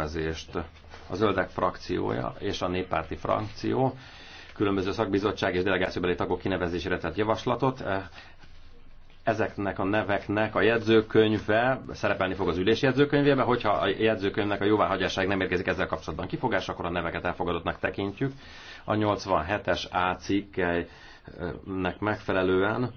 értelmezést. A zöldek frakciója és a néppárti frakció különböző szakbizottság és delegációbeli tagok kinevezésére tett javaslatot. Ezeknek a neveknek a jegyzőkönyve szerepelni fog az ülés jegyzőkönyvében, hogyha a jegyzőkönyvnek a jóváhagyásáig nem érkezik ezzel kapcsolatban kifogás, akkor a neveket elfogadottnak tekintjük. A 87-es A cikkelynek megfelelően